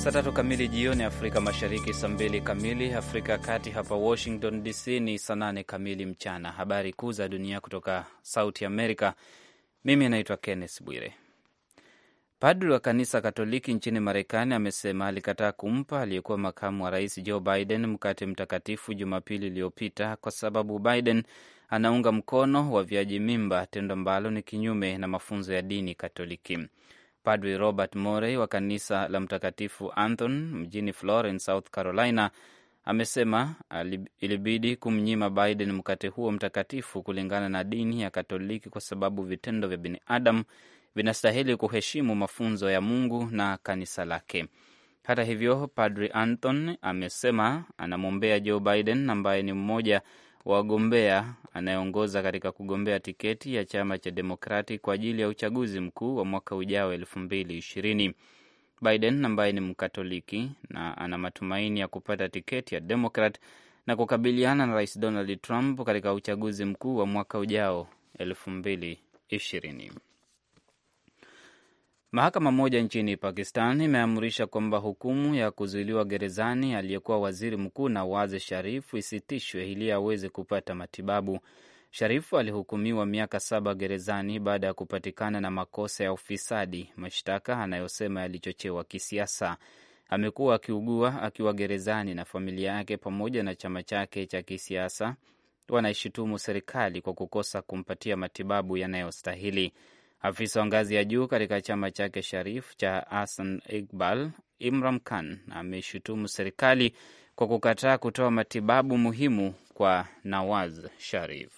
Saa tatu kamili jioni Afrika Mashariki, saa mbili kamili Afrika ya Kati. Hapa Washington DC ni saa nane kamili mchana. Habari kuu za dunia kutoka Sauti Amerika. Mimi naitwa Kenneth Bwire. Padri wa kanisa Katoliki nchini Marekani amesema alikataa kumpa aliyekuwa makamu wa rais Joe Biden mkate mtakatifu Jumapili iliyopita kwa sababu Biden anaunga mkono wa viaji mimba, tendo ambalo ni kinyume na mafunzo ya dini Katoliki. Padri Robert Morey wa kanisa la Mtakatifu Anthony mjini Florence, South Carolina, amesema ilibidi kumnyima Biden mkate huo mtakatifu kulingana na dini ya Katoliki kwa sababu vitendo vya binadamu vinastahili kuheshimu mafunzo ya Mungu na kanisa lake. Hata hivyo, Padri Anthony amesema anamwombea Joe Biden ambaye ni mmoja wagombea anayeongoza katika kugombea tiketi ya chama cha Demokrati kwa ajili ya uchaguzi mkuu wa mwaka ujao elfu mbili ishirini. Biden ambaye ni Mkatoliki na ana matumaini ya kupata tiketi ya Demokrat na kukabiliana na Rais Donald Trump katika uchaguzi mkuu wa mwaka ujao elfu mbili ishirini. Mahakama moja nchini Pakistan imeamrisha kwamba hukumu ya kuzuiliwa gerezani aliyekuwa waziri mkuu Nawaz Sharif isitishwe ili aweze kupata matibabu. Sharifu alihukumiwa miaka saba gerezani baada ya kupatikana na makosa ya ufisadi, mashtaka anayosema yalichochewa kisiasa. Amekuwa akiugua akiwa gerezani na familia yake pamoja na chama chake cha kisiasa wanaishutumu serikali kwa kukosa kumpatia matibabu yanayostahili. Afisa wa ngazi ya juu katika chama chake Sharif cha Hassan Iqbal, Imran Khan, ameshutumu serikali kwa kukataa kutoa matibabu muhimu kwa Nawaz Sharif.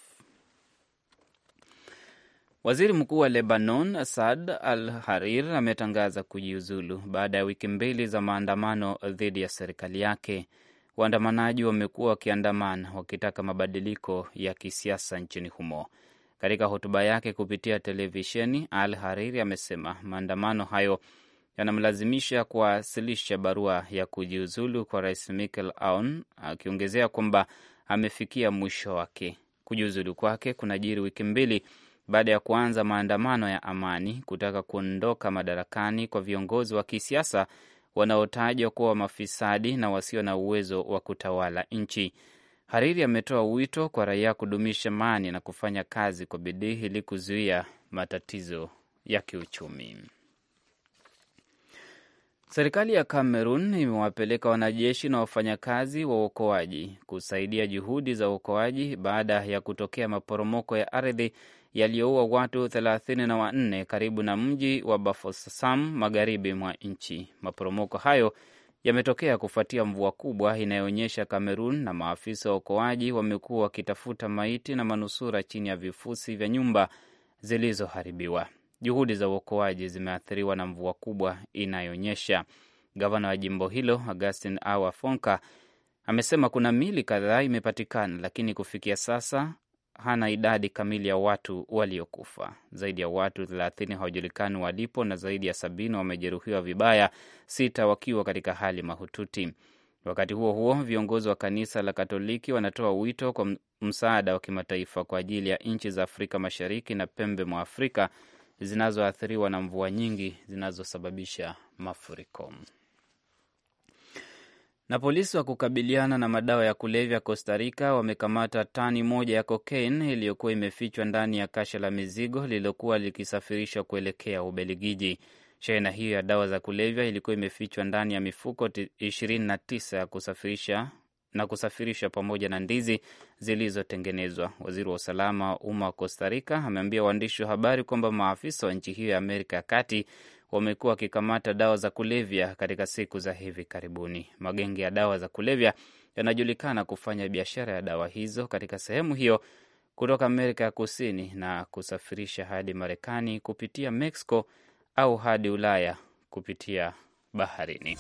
Waziri mkuu wa Lebanon Asad Al Harir ametangaza kujiuzulu baada ya wiki mbili za maandamano dhidi ya serikali yake. Waandamanaji wamekuwa wakiandamana wakitaka mabadiliko ya kisiasa nchini humo. Katika hotuba yake kupitia televisheni, Al Hariri amesema maandamano hayo yanamlazimisha kuwasilisha barua ya kujiuzulu kwa rais Michel Aoun, akiongezea kwamba amefikia mwisho wake. Kujiuzulu kwake kunajiri wiki mbili baada ya kuanza maandamano ya amani kutaka kuondoka madarakani kwa viongozi wa kisiasa wanaotajwa kuwa mafisadi na wasio na uwezo wa kutawala nchi. Hariri ametoa wito kwa raia kudumisha amani na kufanya kazi kwa bidii ili kuzuia matatizo ya kiuchumi. Serikali ya Kamerun imewapeleka wanajeshi na wafanyakazi wa uokoaji kusaidia juhudi za uokoaji baada ya kutokea maporomoko ya ardhi yaliyoua watu thelathini na wanne karibu na mji wa Bafoussam magharibi mwa nchi. Maporomoko hayo yametokea kufuatia mvua kubwa inayoonyesha Kamerun, na maafisa wa uokoaji wamekuwa wakitafuta maiti na manusura chini ya vifusi vya nyumba zilizoharibiwa. Juhudi za uokoaji zimeathiriwa na mvua kubwa inayoonyesha. Gavana wa jimbo hilo Augustin Awafonka Fonka amesema kuna mili kadhaa imepatikana, lakini kufikia sasa hana idadi kamili ya watu waliokufa. Zaidi ya watu thelathini hawajulikani walipo na zaidi ya sabini wamejeruhiwa vibaya, sita wakiwa katika hali mahututi. Wakati huo huo, viongozi wa kanisa la Katoliki wanatoa wito kwa msaada wa kimataifa kwa ajili ya nchi za Afrika Mashariki na pembe mwa Afrika zinazoathiriwa na mvua nyingi zinazosababisha mafuriko. Na polisi wa kukabiliana na madawa ya kulevya Costa Rica wamekamata tani moja ya kokaini iliyokuwa imefichwa ndani ya kasha la mizigo lililokuwa likisafirishwa kuelekea Ubelgiji. Shehena hiyo ya dawa za kulevya ilikuwa imefichwa ndani ya mifuko 29 ya kusafirisha na kusafirishwa pamoja na ndizi zilizotengenezwa. Waziri wa usalama wa umma wa Costa Rica ameambia waandishi wa habari kwamba maafisa wa nchi hiyo ya Amerika ya Kati wamekuwa wakikamata dawa za kulevya katika siku za hivi karibuni. Magenge ya dawa za kulevya yanajulikana kufanya biashara ya dawa hizo katika sehemu hiyo kutoka Amerika ya Kusini na kusafirisha hadi Marekani kupitia Mexico au hadi Ulaya kupitia baharini.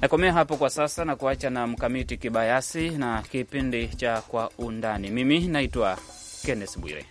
Nakomea hapo kwa sasa na kuacha na Mkamiti Kibayasi na kipindi cha Kwa Undani. Mimi naitwa Kenneth Bwire.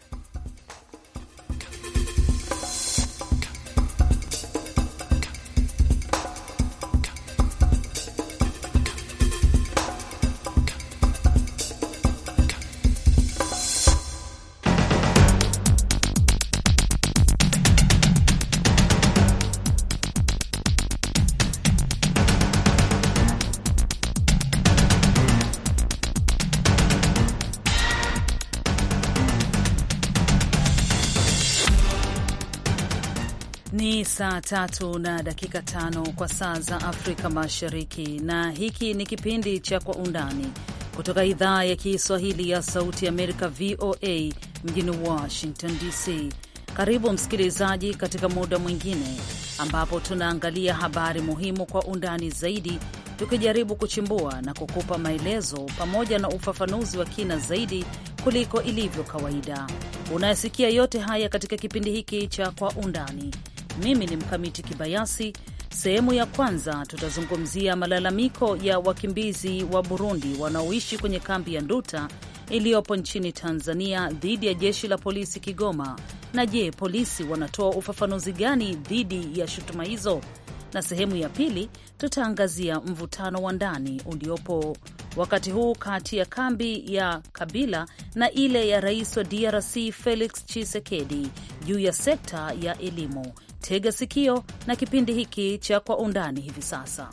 Saa tatu na dakika tano kwa saa za Afrika Mashariki, na hiki ni kipindi cha Kwa Undani kutoka idhaa ya Kiswahili ya Sauti ya Amerika, VOA mjini Washington DC. Karibu msikilizaji, katika muda mwingine ambapo tunaangalia habari muhimu kwa undani zaidi, tukijaribu kuchimbua na kukupa maelezo pamoja na ufafanuzi wa kina zaidi kuliko ilivyo kawaida. Unayasikia yote haya katika kipindi hiki cha Kwa Undani. Mimi ni Mkamiti Kibayasi. Sehemu ya kwanza tutazungumzia malalamiko ya wakimbizi wa Burundi wanaoishi kwenye kambi ya Nduta iliyopo nchini Tanzania dhidi ya jeshi la polisi Kigoma. Na je, polisi wanatoa ufafanuzi gani dhidi ya shutuma hizo? Na sehemu ya pili tutaangazia mvutano wa ndani uliopo wakati huu kati ya kambi ya Kabila na ile ya rais wa DRC Felix Tshisekedi juu ya sekta ya elimu. Tega sikio na kipindi hiki cha Kwa Undani hivi sasa.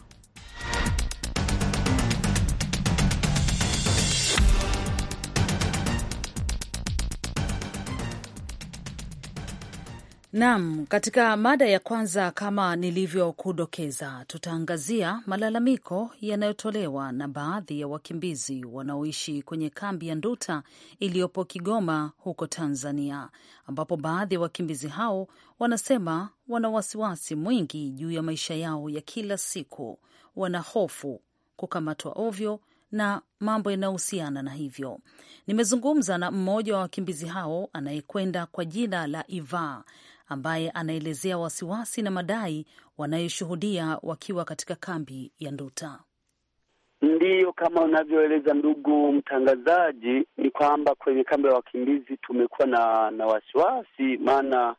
Naam, katika mada ya kwanza kama nilivyokudokeza, tutaangazia malalamiko yanayotolewa na baadhi ya wakimbizi wanaoishi kwenye kambi ya Nduta iliyopo Kigoma huko Tanzania, ambapo baadhi ya wakimbizi hao wanasema wana wasiwasi mwingi juu ya maisha yao ya kila siku, wana hofu kukamatwa ovyo na mambo yanayohusiana na hivyo. Nimezungumza na mmoja wa wakimbizi hao anayekwenda kwa jina la ivaa ambaye anaelezea wasiwasi na madai wanayoshuhudia wakiwa katika kambi ya Nduta. Ndiyo, kama unavyoeleza ndugu mtangazaji, ni kwamba kwenye kambi ya wakimbizi tumekuwa na na wasiwasi, maana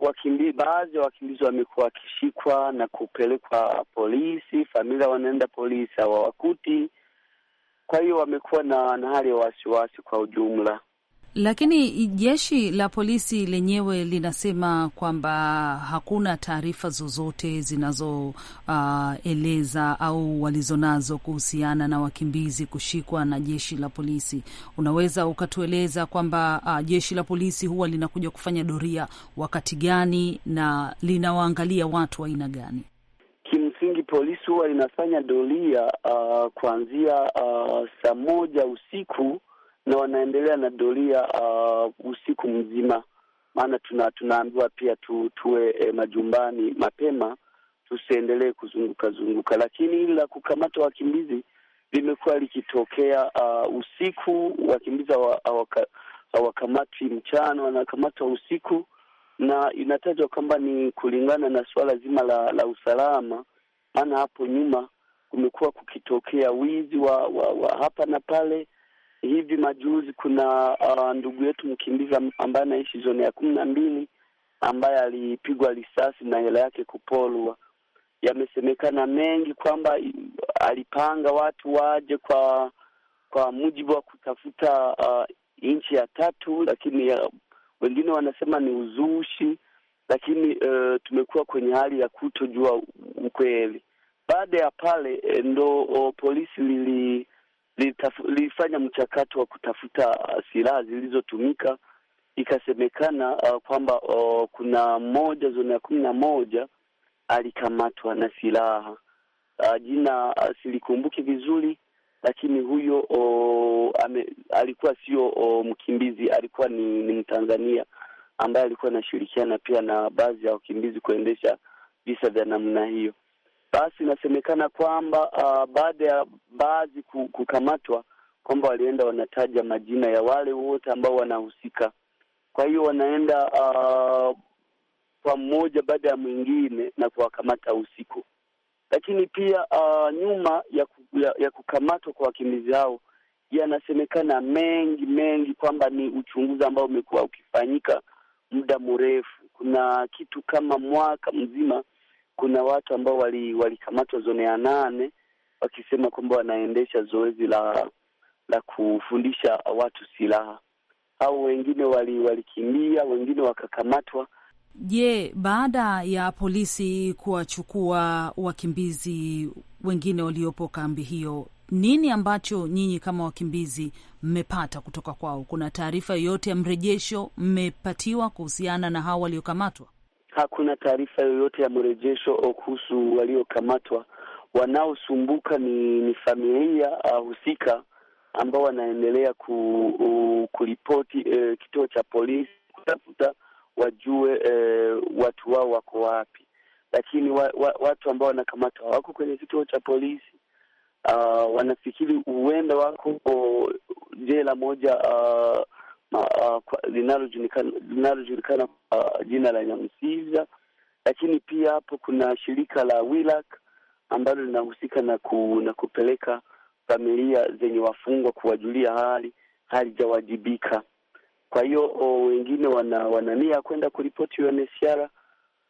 wakimbi baadhi ya wakimbizi wamekuwa wakishikwa na kupelekwa polisi, familia wanaenda polisi hawawakuti, kwa hiyo wamekuwa na, na hali ya wasiwasi kwa ujumla. Lakini jeshi la polisi lenyewe linasema kwamba hakuna taarifa zozote zinazoeleza uh, au walizonazo kuhusiana na wakimbizi kushikwa na jeshi la polisi. Unaweza ukatueleza kwamba uh, jeshi la polisi huwa linakuja kufanya doria wakati gani na linawaangalia watu wa aina gani? Kimsingi polisi huwa linafanya doria uh, kuanzia uh, saa moja usiku na wanaendelea na doria uh, usiku mzima, maana tuna, tunaambiwa pia tu, tuwe eh, majumbani mapema tusiendelee kuzunguka zunguka, lakini hili la kukamata wakimbizi limekuwa likitokea uh, usiku. Wakimbizi hawakamatwi mchana, wanakamatwa usiku, na inatajwa kwamba ni kulingana na suala zima la, la usalama, maana hapo nyuma kumekuwa kukitokea wizi wa, wa, wa hapa na pale Hivi majuzi kuna uh, ndugu yetu mkimbizi ambaye anaishi zone ya kumi na mbili ambaye alipigwa risasi na hela yake kupolwa. Yamesemekana mengi kwamba uh, alipanga watu waje kwa kwa mujibu wa kutafuta uh, nchi ya tatu, lakini uh, wengine wanasema ni uzushi, lakini uh, tumekuwa kwenye hali ya kutojua ukweli. Baada ya pale eh, ndo uh, polisi lili lilifanya mchakato wa kutafuta uh, silaha zilizotumika. Ikasemekana uh, kwamba uh, kuna mmoja zoni ya kumi na moja alikamatwa na silaha uh, jina uh, silikumbuki vizuri, lakini huyo uh, ame, alikuwa sio uh, mkimbizi, alikuwa ni, ni Mtanzania ambaye alikuwa anashirikiana pia na baadhi ya wakimbizi kuendesha visa vya namna hiyo. Basi inasemekana kwamba uh, baada ya baadhi kukamatwa, kwamba walienda wanataja majina ya wale wote ambao wanahusika. Kwa hiyo wanaenda uh, kwa mmoja baada ya mwingine na kuwakamata usiku. Lakini pia uh, nyuma ya, ya, ya kukamatwa kwa wakimbizi hao yanasemekana mengi mengi, kwamba ni uchunguzi ambao umekuwa ukifanyika muda mrefu. Kuna kitu kama mwaka mzima, kuna watu ambao walikamatwa wali zone ya nane wakisema kwamba wanaendesha zoezi la la kufundisha watu silaha. au wengine walikimbia, wali wengine wakakamatwa. Je, baada ya polisi kuwachukua wakimbizi wengine waliopo kambi hiyo, nini ambacho nyinyi kama wakimbizi mmepata kutoka kwao? Kuna taarifa yoyote ya mrejesho mmepatiwa kuhusiana na hao waliokamatwa? Hakuna taarifa yoyote ya mrejesho kuhusu waliokamatwa, wanaosumbuka ni, ni familia uh, husika ambao wanaendelea ku, uh, kuripoti uh, kituo cha polisi kutafuta wajue uh, watu wao wako wapi, lakini wa, wa, watu ambao wanakamatwa wako kwenye kituo cha polisi uh, wanafikiri huenda wako uh, jela moja uh, uh, kwa uh, jina la nyamsiza lakini pia hapo kuna shirika la Wilak ambalo linahusika na, ku, na kupeleka familia zenye wafungwa kuwajulia hali halijawajibika. Kwa hiyo wengine wana, wanania ya kwenda kuripoti UNHCR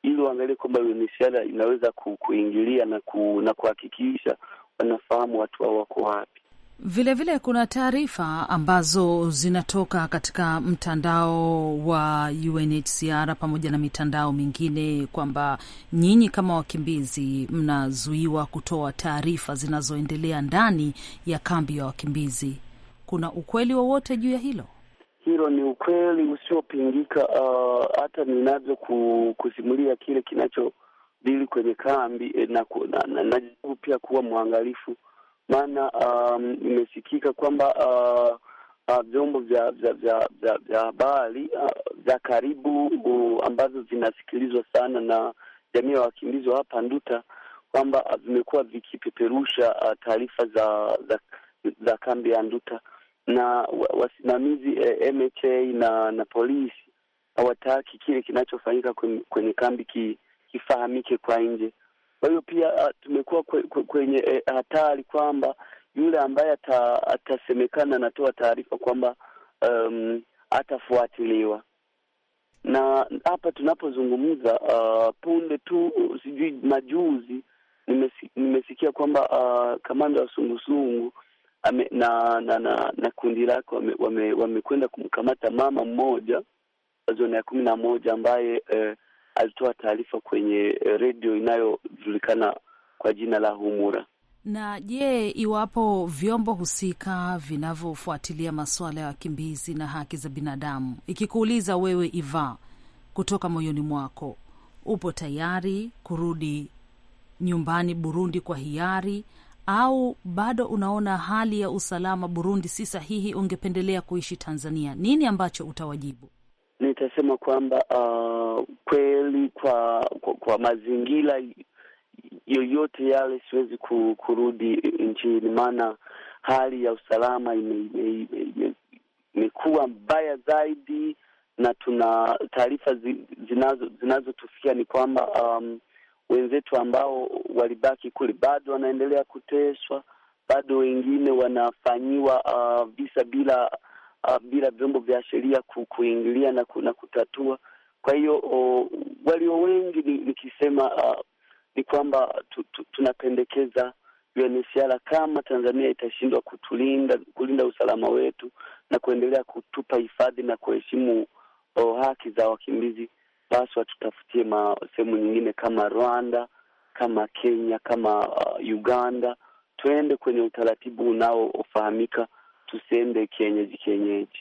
ili waangalie kwamba UNHCR inaweza ku, kuingilia na, ku, na kuhakikisha wanafahamu watu hao wako wapi. Vilevile vile kuna taarifa ambazo zinatoka katika mtandao wa UNHCR pamoja na mitandao mingine kwamba nyinyi kama wakimbizi mnazuiwa kutoa taarifa zinazoendelea ndani ya kambi ya wakimbizi. Kuna ukweli wowote juu ya hilo? Hilo ni ukweli usiopingika. Uh, hata ninavyo kusimulia kile kinachodili kwenye kambi eh, na na pia kuwa mwangalifu maana um, imesikika kwamba vyombo uh, uh, vya vya vya vya vya habari uh, vya karibu uh, ambazo zinasikilizwa sana na jamii ya wakimbizi wa hapa Nduta kwamba uh, vimekuwa vikipeperusha uh, taarifa za, za za kambi ya Nduta na wasimamizi eh, MHA na na polisi hawataki kile kinachofanyika kwenye, kwenye kambi ki, kifahamike kwa nje. Kwa hiyo pia ah, tumekuwa kwenye eh, hatari kwamba yule ambaye ata, atasemekana anatoa taarifa kwamba um, atafuatiliwa na hapa tunapozungumza, uh, punde tu sijui majuzi nimesi, nimesikia kwamba uh, kamanda wa sungusungu ame, na, na, na, na kundi lake wamekwenda wame, wame kumkamata mama mmoja wa zona ya kumi na moja ambaye eh, alitoa taarifa kwenye eh, redio inayojulikana kwa jina la Humura. Na je, iwapo vyombo husika vinavyofuatilia masuala ya wakimbizi na haki za binadamu ikikuuliza wewe, Iva, kutoka moyoni mwako, upo tayari kurudi nyumbani Burundi kwa hiari au bado unaona hali ya usalama Burundi si sahihi, ungependelea kuishi Tanzania, nini ambacho utawajibu? nitasema kwamba uh, kweli kwa, kwa kwa mazingira yoyote yale siwezi kurudi nchini, maana hali ya usalama imekuwa mbaya zaidi, na tuna taarifa zinazo zinazotufikia ni kwamba um, wenzetu ambao walibaki kule bado wanaendelea kuteswa, bado wengine wanafanyiwa uh, visa bila uh, bila vyombo vya sheria kuingilia na, ku, na kutatua. Kwa hiyo walio wengi nikisema ni, uh, ni kwamba tu, tu, tunapendekeza UNHCR kama Tanzania itashindwa kutulinda kulinda usalama wetu na kuendelea kutupa hifadhi na kuheshimu uh, haki za wakimbizi, basi watutafutie sehemu nyingine kama Rwanda, kama Kenya, kama uh, Uganda, tuende kwenye utaratibu unaofahamika tusiende kienyeji kienyeji.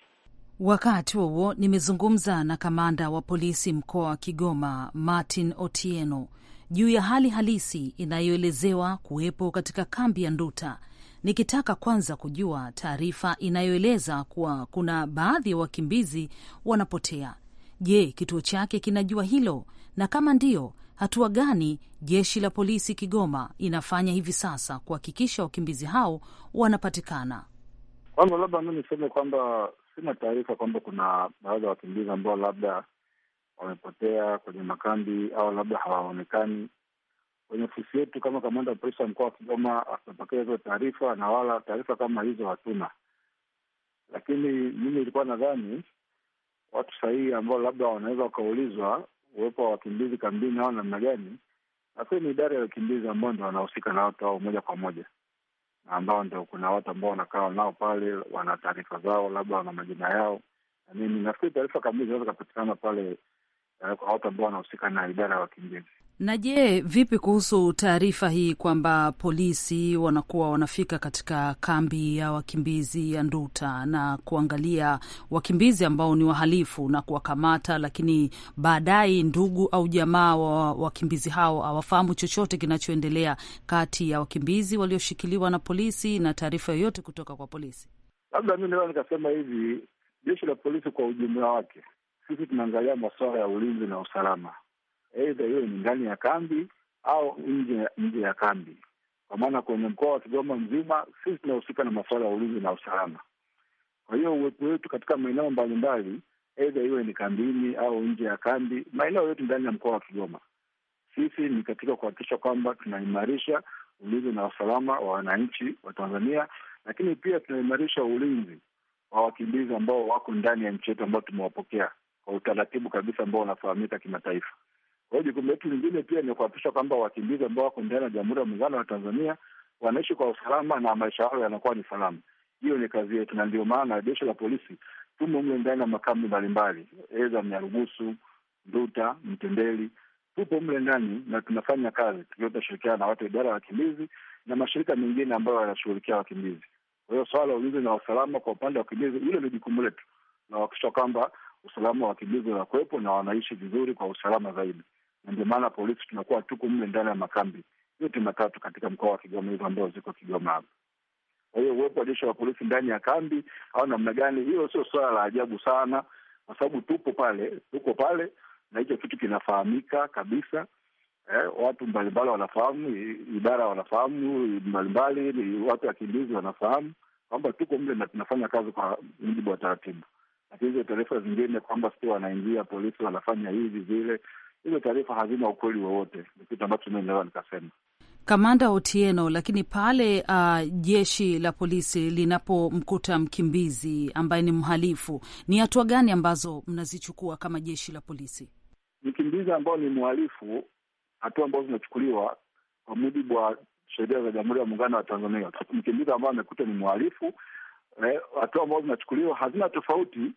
Wakati huo nimezungumza na kamanda wa polisi mkoa wa Kigoma Martin Otieno juu ya hali halisi inayoelezewa kuwepo katika kambi ya Nduta, nikitaka kwanza kujua taarifa inayoeleza kuwa kuna baadhi ya wakimbizi wanapotea. Je, kituo chake kinajua hilo? Na kama ndiyo, hatua gani jeshi la polisi Kigoma inafanya hivi sasa kuhakikisha wakimbizi hao wanapatikana? Kwanza labda mi niseme kwamba sina taarifa kwamba kuna baadhi ya wakimbizi ambao labda wamepotea kwenye makambi au labda hawaonekani. Kwenye ofisi yetu kama kamanda wa polisi wa mkoa wa Kigoma atapokea hizo taarifa na wala taarifa kama hizo hatuna, lakini mimi ilikuwa nadhani watu sahihi ambao labda wanaweza wakaulizwa uwepo wa wakimbizi kambini au namna gani, nafikiri ni idara ya wakimbizi ambao ndo wanahusika na watu hao moja kwa moja ambao ndio kuna watu ambao wanakaa nao pale, wana taarifa zao, labda wana majina yao na nini. Nafikiri taarifa kamili zinaweza zikapatikana pale eh, kwa watu ambao wanahusika na idara ya wakimbizi. Na je, vipi kuhusu taarifa hii kwamba polisi wanakuwa wanafika katika kambi ya wakimbizi ya Nduta na kuangalia wakimbizi ambao ni wahalifu na kuwakamata, lakini baadaye ndugu au jamaa wa wakimbizi hao hawafahamu chochote kinachoendelea kati ya wakimbizi walioshikiliwa na polisi na taarifa yoyote kutoka kwa polisi? Labda mi naweza nikasema hivi, jeshi la polisi kwa ujumla wake, sisi tunaangalia masuala ya ulinzi na usalama aidha hiyo ni ndani ya kambi au nje nje ya kambi, kwa maana kwenye mkoa wa Kigoma mzima sisi tunahusika na masuala ya ulinzi na usalama. Kwa hiyo uwepo wetu katika maeneo mbalimbali, aidha iwe ni kambini au nje ya kambi, maeneo yote ndani ya mkoa wa Kigoma, sisi ni katika kuhakikisha kwamba tunaimarisha ulinzi na usalama wa wananchi wa Tanzania, lakini pia tunaimarisha ulinzi wa wakimbizi ambao wako ndani ya nchi yetu ambao tumewapokea kwa utaratibu kabisa ambao unafahamika kimataifa. Kwa hiyo jukumu letu lingine pia ni kuhakikisha kwamba wakimbizi ambao wako ndani ya Jamhuri ya Muungano wa Tanzania wanaishi kwa usalama na maisha yao yanakuwa ni salama. Hiyo ni kazi yetu, na ndio maana jeshi la polisi tumo mle ndani ya makambi mbalimbali, eza Mnyarugusu, Nduta, Mtendeli, tupo mle ndani na tunafanya kazi tukiwa tunashirikiana na watu wa idara ya wakimbizi na mashirika mengine ambayo yanashughulikia wakimbizi. Kwa hiyo swala la ulinzi na usalama kwa upande wa wakimbizi, hilo ni jukumu letu, na kuhakikisha kwamba usalama wa wakimbizi unakuwepo na wanaishi vizuri kwa usalama zaidi na ndio maana polisi tunakuwa tuko mle ndani ya makambi yote matatu katika mkoa wa Kigoma, hizo ambazo ziko Kigoma hapa. Kwa hiyo uwepo wa jeshi la polisi ndani ya kambi au namna gani, hiyo sio suala la ajabu sana, kwa sababu tupo pale, tuko pale na hicho kitu kinafahamika kabisa. Eh, watu mbalimbali wanafahamu, idara wanafahamu mbalimbali, watu wakimbizi wanafahamu kwamba tuko mle na tunafanya kazi kwa mujibu wa taratibu. Lakini hizo taarifa zingine kwamba sio wanaingia polisi wanafanya hivi vile, hizo taarifa hazina ukweli wowote, ni kitu ambacho mi naweza nikasema. Kamanda Otieno, lakini pale uh, jeshi la polisi linapomkuta mkimbizi ambaye ni mhalifu, ni hatua gani ambazo mnazichukua kama jeshi la polisi? Mkimbizi ambao ni mhalifu, hatua ambazo zinachukuliwa kwa mujibu wa sheria za Jamhuri ya Muungano wa Tanzania, mkimbizi ambao amekuta ni mhalifu, eh, hatua eh, ambazo zinachukuliwa hazina tofauti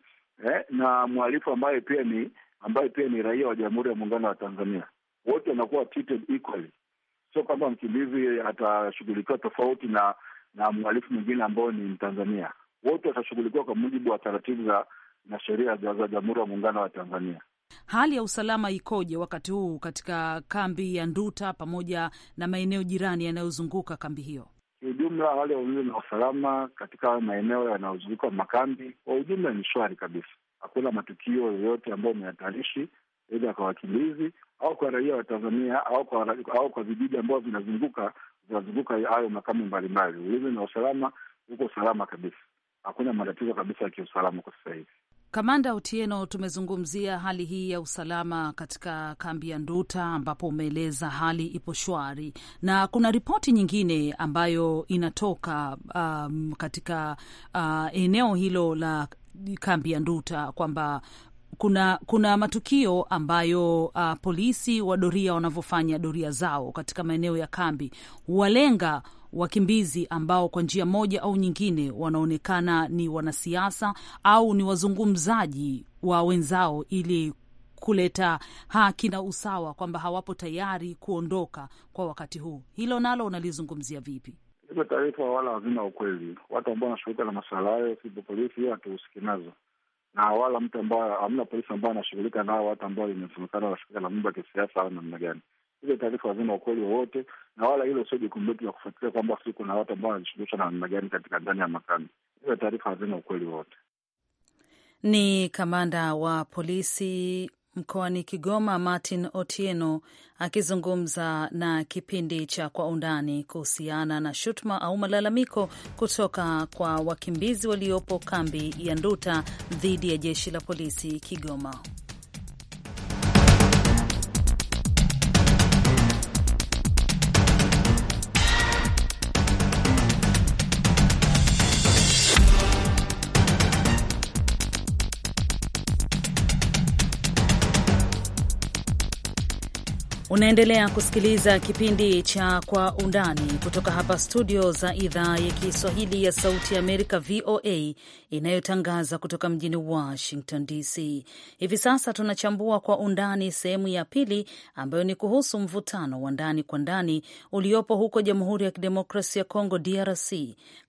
eh, na mhalifu ambaye pia ni ambaye pia ni raia wa Jamhuri ya Muungano wa Tanzania. Wote wanakuwa treated equally, sio kwamba mkimbizi atashughulikiwa tofauti na na mhalifu mwingine ambao ni Mtanzania. Wote watashughulikiwa kwa mujibu wa taratibu za na sheria za Jamhuri ya Muungano wa Tanzania. Hali ya usalama ikoje wakati huu katika kambi ya Nduta pamoja na maeneo jirani yanayozunguka kambi hiyo? Kiujumla, hali ya ulinzi na usalama katika maeneo yanayozunguka makambi kwa ujumla ni shwari kabisa hakuna matukio yoyote ambayo umehatarishi aidha kwa wakimbizi au kwa raia wa Tanzania au kwa au kwa vijiji ambao vinazunguka vinazunguka hayo makamu mbalimbali. Ulinzi na usalama uko salama kabisa, hakuna matatizo kabisa ya kiusalama kwa sasa hivi. Kamanda Otieno, tumezungumzia hali hii ya usalama katika kambi ya Nduta ambapo umeeleza hali ipo shwari, na kuna ripoti nyingine ambayo inatoka um, katika uh, eneo hilo la kambi ya Nduta kwamba kuna kuna matukio ambayo uh, polisi wa doria wanavyofanya doria zao katika maeneo ya kambi huwalenga wakimbizi ambao kwa njia moja au nyingine wanaonekana ni wanasiasa au ni wazungumzaji wa wenzao ili kuleta haki na usawa, kwamba hawapo tayari kuondoka kwa wakati huu. Hilo nalo unalizungumzia vipi? hizo taarifa wala hazina ukweli. Watu ambao wanashughulika na masuala hayo, sivyo polisi, hiyo hatuhusiki nazo, na wala mtu ambaye, hamna polisi ambao anashughulika nao, watu ambao inasemekana wanashughulika na mambo ya kisiasa au namna gani. Hizo taarifa hazina ukweli wowote, na wala hilo sio jukumu letu la kufuatilia kwamba si kuna watu ambao wanajishughulisha na namna gani katika ndani ya makambi. Hizo taarifa hazina ukweli wowote. Ni kamanda wa polisi mkoani Kigoma, Martin Otieno akizungumza na kipindi cha Kwa Undani kuhusiana na shutuma au malalamiko kutoka kwa wakimbizi waliopo kambi ya Nduta dhidi ya jeshi la polisi Kigoma. Unaendelea kusikiliza kipindi cha Kwa Undani kutoka hapa studio za idhaa ya Kiswahili ya Sauti ya Amerika, VOA, inayotangaza kutoka mjini Washington DC. Hivi sasa tunachambua kwa undani sehemu ya pili, ambayo ni kuhusu mvutano wa ndani kwa ndani uliopo huko Jamhuri ya Kidemokrasia ya Kongo, DRC,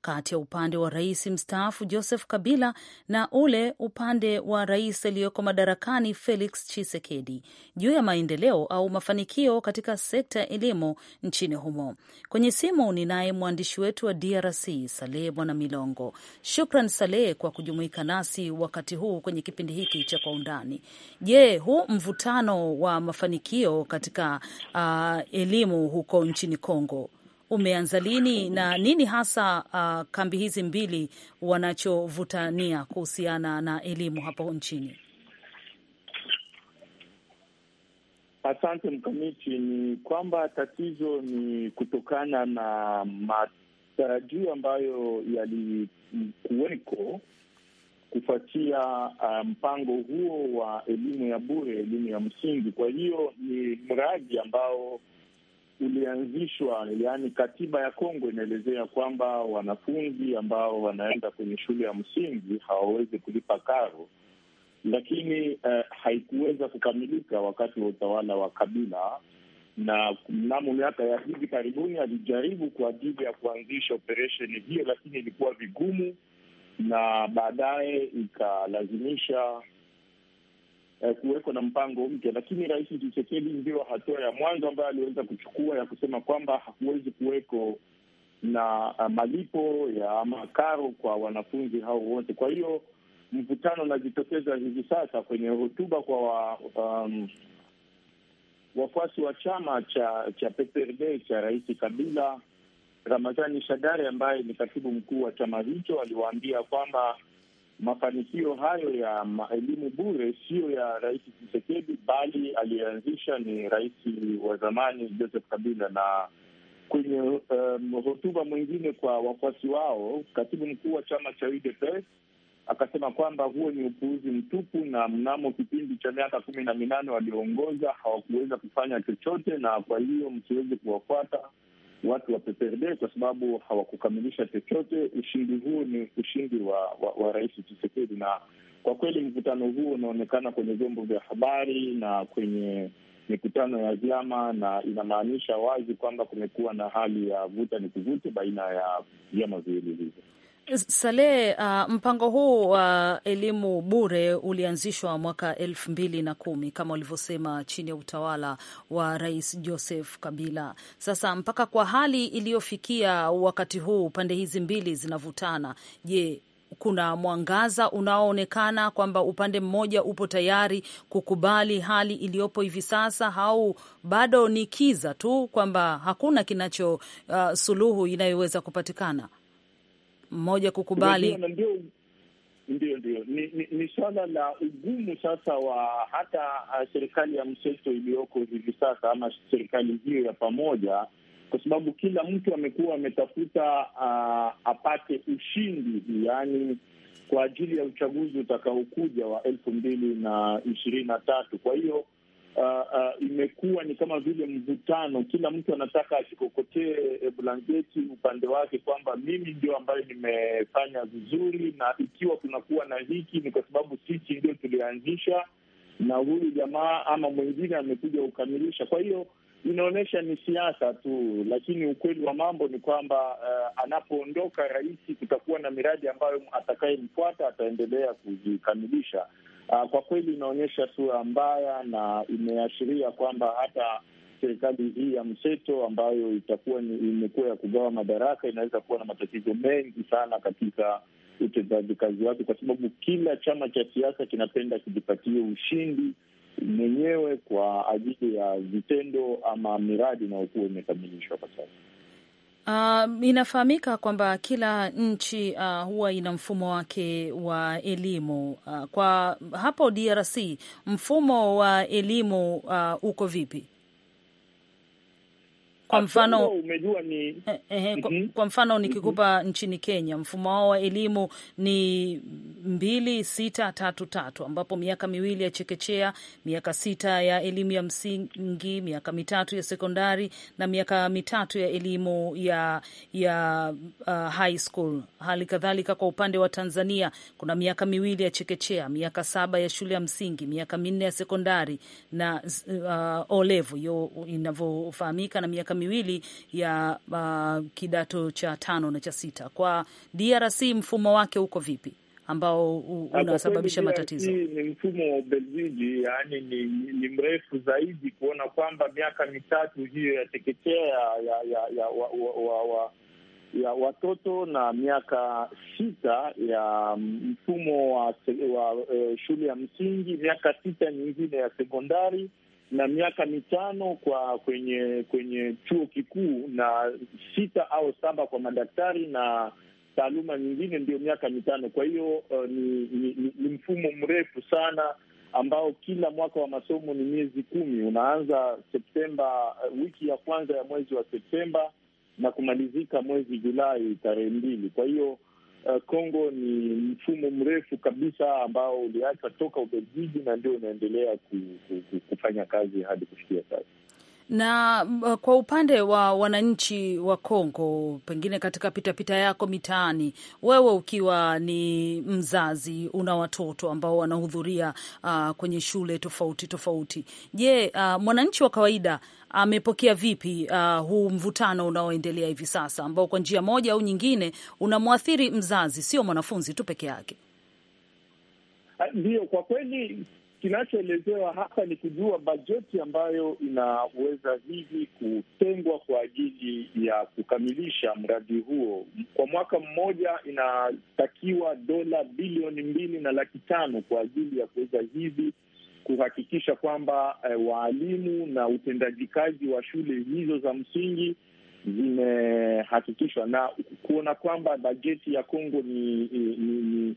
kati ya upande wa rais mstaafu Joseph Kabila na ule upande wa rais aliyoko madarakani Felix chisekedi juu ya maendeleo au mafanikio mafanikio katika sekta ya elimu nchini humo. Kwenye simu ninaye mwandishi wetu wa DRC Salehe Mwana Milongo. Shukran Salehe kwa kujumuika nasi wakati huu kwenye kipindi hiki cha Kwa Undani. Je, huu mvutano wa mafanikio katika uh, elimu huko nchini Kongo umeanza lini na nini hasa uh, kambi hizi mbili wanachovutania kuhusiana na elimu hapo nchini? Asante Mkamiti, ni kwamba tatizo ni kutokana na matarajio ambayo yalikuweko kufuatia ah, mpango um, huo wa elimu ya bure, elimu ya msingi. Kwa hiyo ni mradi ambao ulianzishwa, yaani katiba ya Kongo inaelezea kwamba wanafunzi ambao wanaenda kwenye shule ya msingi hawawezi kulipa karo lakini uh, haikuweza kukamilika wakati wa utawala wa Kabila, na mnamo miaka ya hivi karibuni alijaribu kwa ajili ya kuanzisha operesheni hiyo, lakini ilikuwa vigumu na baadaye ikalazimisha eh, kuwekwa na mpango mpya. Lakini Rais Tshisekedi ndio hatua ya mwanzo ambayo aliweza kuchukua ya kusema kwamba hakuwezi kuweko na eh, malipo ya ama karo kwa wanafunzi hao wote. Kwa hiyo mvutano unajitokeza hivi sasa kwenye hotuba kwa wa, um, wafuasi wa chama cha cha PPRD cha Rais Kabila. Ramadhani Shadari ambaye ni katibu mkuu wa chama hicho aliwaambia kwamba mafanikio hayo ya elimu bure siyo ya Rais Chisekedi bali aliyeanzisha ni rais wa zamani Joseph Kabila. Na kwenye um, hotuba mwingine kwa wafuasi wao, katibu mkuu wa chama cha UDPS akasema kwamba huo ni upuuzi mtupu, na mnamo kipindi cha miaka kumi na minane walioongoza hawakuweza kufanya chochote, na kwa hiyo msiwezi kuwafuata watu wa PPRD kwa sababu hawakukamilisha chochote. Ushindi huo ni ushindi wa, wa, wa Rais Tshisekedi, na kwa kweli mkutano huo unaonekana kwenye vyombo vya habari na kwenye mikutano ya vyama na inamaanisha wazi kwamba kumekuwa na hali ya vuta ni kuvute baina ya vyama viwili hivyo. Salehe, uh, mpango huu wa uh, elimu bure ulianzishwa mwaka elfu mbili na kumi kama ulivyosema, chini ya utawala wa Rais Joseph Kabila. Sasa mpaka kwa hali iliyofikia wakati huu, pande hizi mbili zinavutana. Je, kuna mwangaza unaoonekana kwamba upande mmoja upo tayari kukubali hali iliyopo hivi sasa, au bado ni kiza tu kwamba hakuna kinacho uh, suluhu inayoweza kupatikana? mmoja kukubali. Ndio, ndio, ndio. Ni, ni, ni swala la ugumu sasa wa hata ah, serikali ya mseto iliyoko hivi sasa ama serikali hiyo ya pamoja kwa sababu kila mtu amekuwa ametafuta uh, apate ushindi, yaani kwa ajili ya uchaguzi utakaokuja wa elfu mbili na ishirini na tatu. Kwa hiyo uh, uh, imekuwa ni kama vile mvutano, kila mtu anataka asikokotee eh, blanketi upande wake kwamba mimi ndio ambayo nimefanya vizuri, na ikiwa kunakuwa na hiki ni kwa sababu sisi ndio tulianzisha na huyu jamaa ama mwingine amekuja kukamilisha. Kwa hiyo inaonyesha ni siasa tu, lakini ukweli wa mambo ni kwamba uh, anapoondoka rais, kutakuwa na miradi ambayo atakayemfuata ataendelea kujikamilisha uh, kwa kweli inaonyesha sura mbaya na imeashiria kwamba hata serikali hii ya mseto ambayo itakuwa imekuwa ya kugawa madaraka inaweza kuwa na matatizo mengi sana katika utendaji kazi wake, kwa sababu kila chama cha siasa kinapenda kijipatie ushindi mwenyewe kwa ajili ya vitendo ama miradi inayokuwa imekamilishwa kwa sasa. Uh, inafahamika kwamba kila nchi uh, huwa ina mfumo wake wa elimu uh, kwa hapo DRC mfumo wa elimu uh, uko vipi? kwa mfano umejua ni eh, eh, kwa, mhm. kwa mfano nikikupa mhm. nchini Kenya mfumo wao wa elimu ni mbili sita tatu tatu ambapo miaka miwili ya chekechea, miaka sita ya elimu ya msingi, miaka mitatu ya sekondari na miaka mitatu ya elimu ya ya uh, high school. Hali kadhalika kwa upande wa Tanzania kuna miaka miwili ya chekechea, miaka saba ya shule ya msingi, miaka minne ya sekondari na uh, olevu hiyo inavyofahamika na miaka miwili ya uh, kidato cha tano na cha sita. Kwa DRC mfumo wake uko vipi ambao ah, unasababisha matatizo? Ni mfumo wa Ubelgiji, yaani ni, ni mrefu zaidi, kuona kwamba miaka mitatu hiyo ya chekechea ya, ya, ya wa, wa, wa, ya watoto na miaka sita ya mfumo wa, wa e, shule ya msingi, miaka sita nyingine ya sekondari na miaka mitano kwa kwenye kwenye chuo kikuu na sita au saba kwa madaktari na taaluma nyingine ndio miaka mitano. Kwa hiyo uh, ni, ni, ni mfumo mrefu sana ambao kila mwaka wa masomo ni miezi kumi, unaanza Septemba, uh, wiki ya kwanza ya mwezi wa Septemba na kumalizika mwezi Julai tarehe mbili. Kwa hiyo Eh, Kongo uh, ni mfumo mrefu kabisa ambao uliacha toka Ubelgiji na ndio unaendelea ku, ku, ku, kufanya kazi hadi kufikia sasa. Na eh, kwa upande wa wananchi wa Kongo, pengine katika pitapita yako mitaani, wewe ukiwa ni mzazi, una watoto ambao wanahudhuria uh, kwenye shule tofauti tofauti, je, uh, mwananchi wa kawaida amepokea vipi uh, huu mvutano unaoendelea hivi sasa ambao kwa njia moja au nyingine unamwathiri mzazi, sio mwanafunzi tu peke yake? Ndiyo, kwa kweli kinachoelezewa hapa ni kujua bajeti ambayo inaweza hivi kutengwa kwa ajili ya kukamilisha mradi huo. Kwa mwaka mmoja inatakiwa dola bilioni mbili na laki tano kwa ajili ya kuweza hivi kuhakikisha kwamba eh, waalimu na utendaji kazi wa shule hizo za msingi zimehakikishwa na kuona kwamba bajeti ya Kongo ni, ni, ni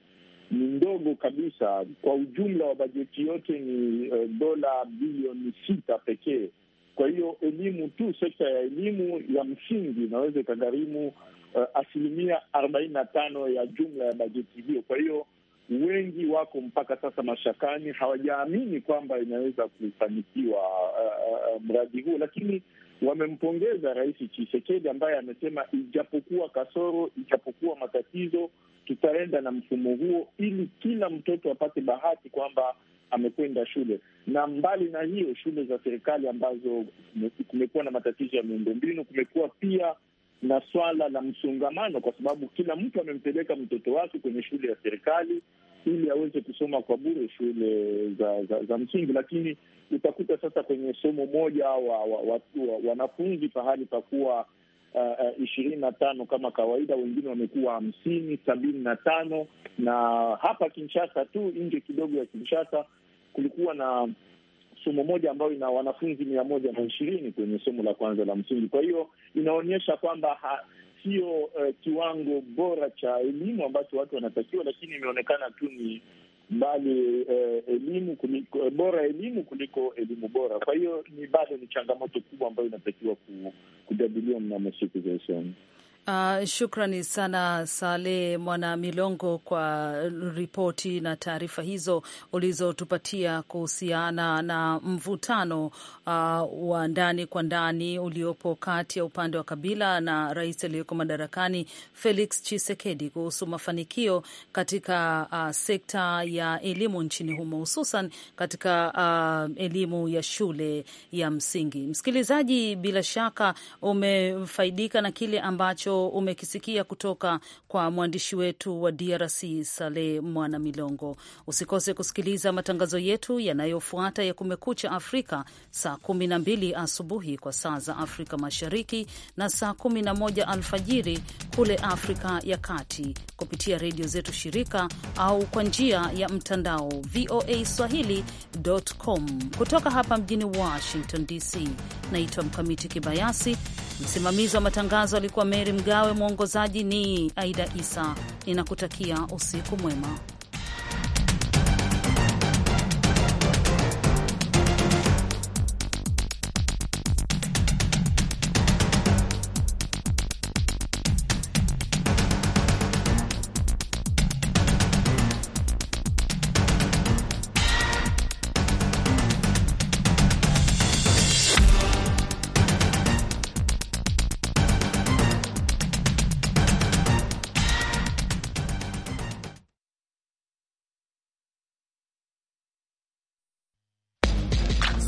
ni ndogo kabisa. Kwa ujumla wa bajeti yote ni uh, dola bilioni sita pekee. Kwa hiyo elimu tu, sekta ya elimu ya msingi inaweza ikagharimu uh, eh, asilimia arobaini na tano ya jumla ya bajeti hiyo. Kwa hiyo wengi wako mpaka sasa mashakani, hawajaamini kwamba inaweza kufanikiwa uh, uh, mradi huo, lakini wamempongeza Rais chisekedi ambaye amesema ijapokuwa kasoro, ijapokuwa matatizo tutaenda na mfumo huo ili kila mtoto apate bahati kwamba amekwenda shule. Na mbali na hiyo, shule za serikali ambazo kumekuwa na matatizo ya miundombinu, kumekuwa pia na swala la msongamano, kwa sababu kila mtu amempeleka mtoto wake kwenye shule ya serikali ili aweze kusoma kwa bure shule za, za, za msingi. Lakini utakuta sasa kwenye somo moja wa, wa, wa, wa, wanafunzi pahali pa kuwa Uh, uh, ishirini uh, na tano kama kawaida, wengine wamekuwa hamsini sabini na tano na hapa Kinshasa tu nje kidogo ya Kinshasa kulikuwa na somo moja ambayo ina wanafunzi mia moja na ishirini kwenye somo la kwanza la msingi. Kwa hiyo inaonyesha kwamba sio uh, kiwango bora cha elimu ambacho watu wanatakiwa, lakini imeonekana tu ni bali eh, elimu kuliko, eh, bora elimu kuliko elimu bora. Kwa hiyo ni bado ni changamoto kubwa ambayo inatakiwa kujadiliwa mnamo siku za usoni. Uh, shukrani sana Sale Mwana Milongo kwa ripoti na taarifa hizo ulizotupatia kuhusiana na mvutano uh, wa ndani kwa ndani uliopo kati ya upande wa Kabila na rais aliyoko madarakani Felix Tshisekedi kuhusu mafanikio katika uh, sekta ya elimu nchini humo hususan katika uh, elimu ya shule ya msingi. Msikilizaji, bila shaka umefaidika na kile ambacho umekisikia kutoka kwa mwandishi wetu wa DRC Saleh Mwana Milongo. Usikose kusikiliza matangazo yetu yanayofuata ya Kumekucha Afrika saa 12 asubuhi kwa saa za Afrika Mashariki na saa 11 alfajiri kule Afrika ya Kati kupitia redio zetu shirika au kwa njia ya mtandao VOA Swahili.com. Kutoka hapa mjini Washington DC, naitwa Mkamiti Kibayasi. Msimamizi wa matangazo alikuwa Meri Mgawe, mwongozaji ni Aida Isa. Ninakutakia usiku mwema.